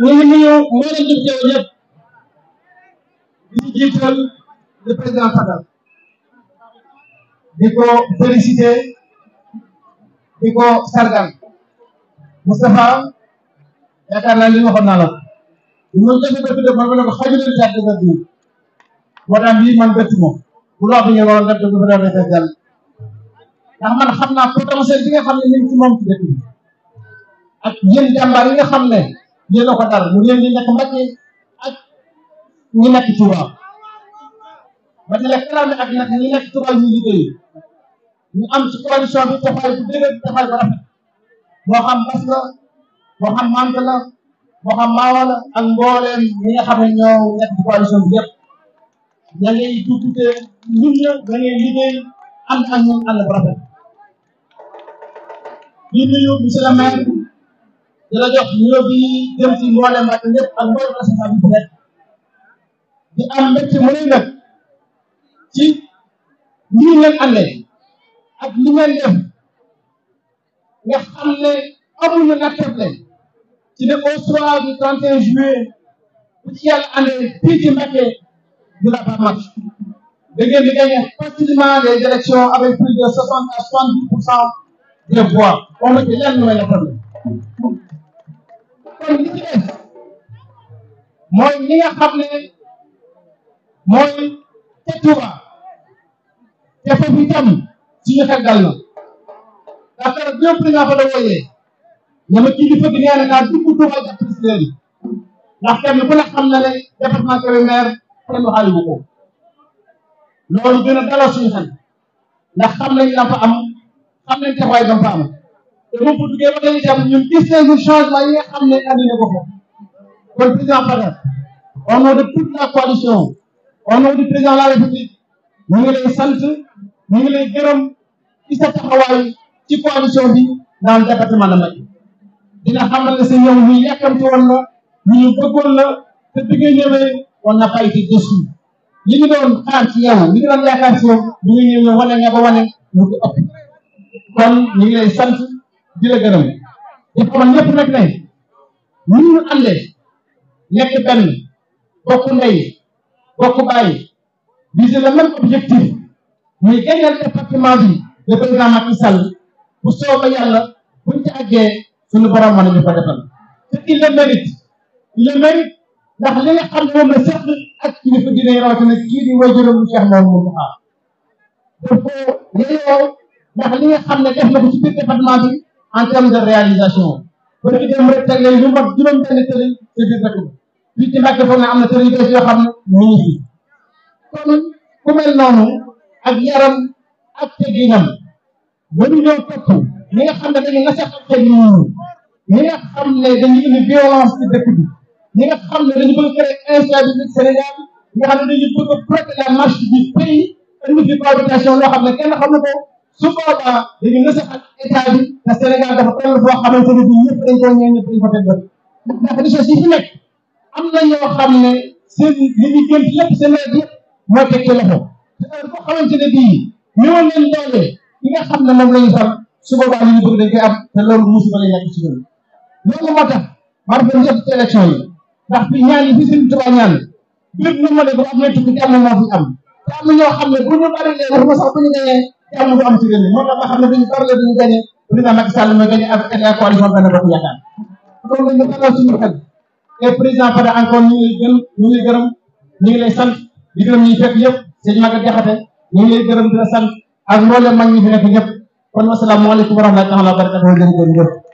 ñu ngi nuyu mboolem ñu di jiital le président Fadal di ko félicité di ko sargal Moustapha yaakaar naa li waxoon naa la ñun dañu ko man ma ne ko xajul nañu bi moom bu loo xam ne waroon def dëgg fa dafa dal ndax man xam naa potentiel bi nga xam ne ñu ngi moom ci dëkk ak yéen jàmbaar yi xam ne. yéen a ko dal mu réew ñi nekk Mbacké ak ñi nekk Touba ba di la kalaame ak nag ñi nekk Touba ñuy liggéey ñu am ci coalition bi taxawaay bu dëgër moo xam Mbass moo xam Mante moo xam Maawa la ak mbooleem ñi nga ne ñoo nekk ci coalition bi yëpp ña ngay tuutute ñun la ña ngay liggéey ànd ak ñoom di la jox nuyoo bi jëm ci mboolem ak ñëpp ak mboolem responsabilité di am mbégte mu ne nag ci ni ngeen àndee ak li ngeen def nga xam ne amuñu nattable ci ne au soir du 31 juillet bu ci yàlla àndee fii la pas match da ngeen di gagner facilement les élections avec plus de 60 à 70 pour cent des voix on ne peut lenn mooy nattable kon li ci des mooy li nga xam ne mooy te Touba te foofu itam suñu xel dal na ndax dara bépp li nga fa da wooyee ñama kilifa bi nee na naa dugg Touba ak président yi ndax kenn ku ne xam na ne département Kébémer kenn waxaale wu ko loolu gën a dalal suñu xel ndax xam nañ la fa am xam nañ taxawaay ba fa am te moom bu duggee ba léegi itam ñun gis nañu xam ne andi na ko fa kon président Fada au de toute la coalition au nom du président de la république ngi lay sant ñu ngi lay gërëm ci sa ci coalition bi dans le département de Mbacké dina xamal ne sa ñëw ñu yàkkamti woon la ñu ñu bëggoon la te bi nga ñëwee on n'a pas été déçu li ñu doon xaar ci yow li ñu doon yaakaar ci yow bi nga ñëwee wane nga ba wane lu ko ëpp kon ñu ngi lay sant di la gërëm di xamal ñëpp nag ne ñu ñu àndee nekk benn bokk ndey bokk bàyyi viser le même objectif muy gagnal bi le président Macky Sall bu soobee yàlla buñ sunu borom mën nañu ko defal te il le mérite il le mérite ndax li xam ne moom la seq ak kilifa dina rawatina kii di wajuram mu Cheikh moom moom mu daf ko yeyoo ndax li xam ne def na ko ci biir bi en termes de réalisation ba dafa dem rek teg leen lu mat juróom-benn sëriñ ci biir dëkk bi fii ci Mbàkke foog na am na sëriñ bees yoo xam ne ñu ngi fi kon ku mel noonu ak yaram ak teginam mënuñoo topp ñi nga xam ne dañu nase xam ñi nga xam ne dañu indi violence ci dëkk bi ñi nga xam ne dañu bëgg créer instabilité Sénégal ñi nga xam ne dañu bëgg a protéger la marche du pays indi fi cohabitation loo xam ne kenn xam na ko su boobaa dañu nasaxal état bi te Sénégal dafa toll foo xamante ne bii ñëpp dañ koo ñëw ko teg ndax richesse yi fi nekk am na ñoo xam ne seen li ñu gën lépp seen nawet yëpp moo teg ne bii ñëwal leen doole ki nga xam ne moom la ñu far su boobaa li ñu bëgg dañ koy am te loolu musiba la ci ñoom loolu moo tax war nañ jot ci élection yi ndax fi ñaan yi fi suñu tubaab ñaan bépp na ma ne bu am na tukki am na moo am te am na ñoo xam ne bu ñu bari leen wax ma sax bu am lu am ci réew mi moo tax xam ne dañu parle dañu gagné président Macky Sall mooy gagné ak la coalition Benno Bokk Yaakaar loolu la ñu dalal suñu xel et président Fada encore ñu ngi lay gën ñu ngi lay gërëm ñu ngi lay sant di gërëm ñuy fekk yëpp sëñ Maga Jaxate ñu ngi lay gërëm di la sant ak mboolem mag ñi fi nekk ñëpp kon wasalaamaaleykum wa rahmatulah wa barakatuh jërëjëf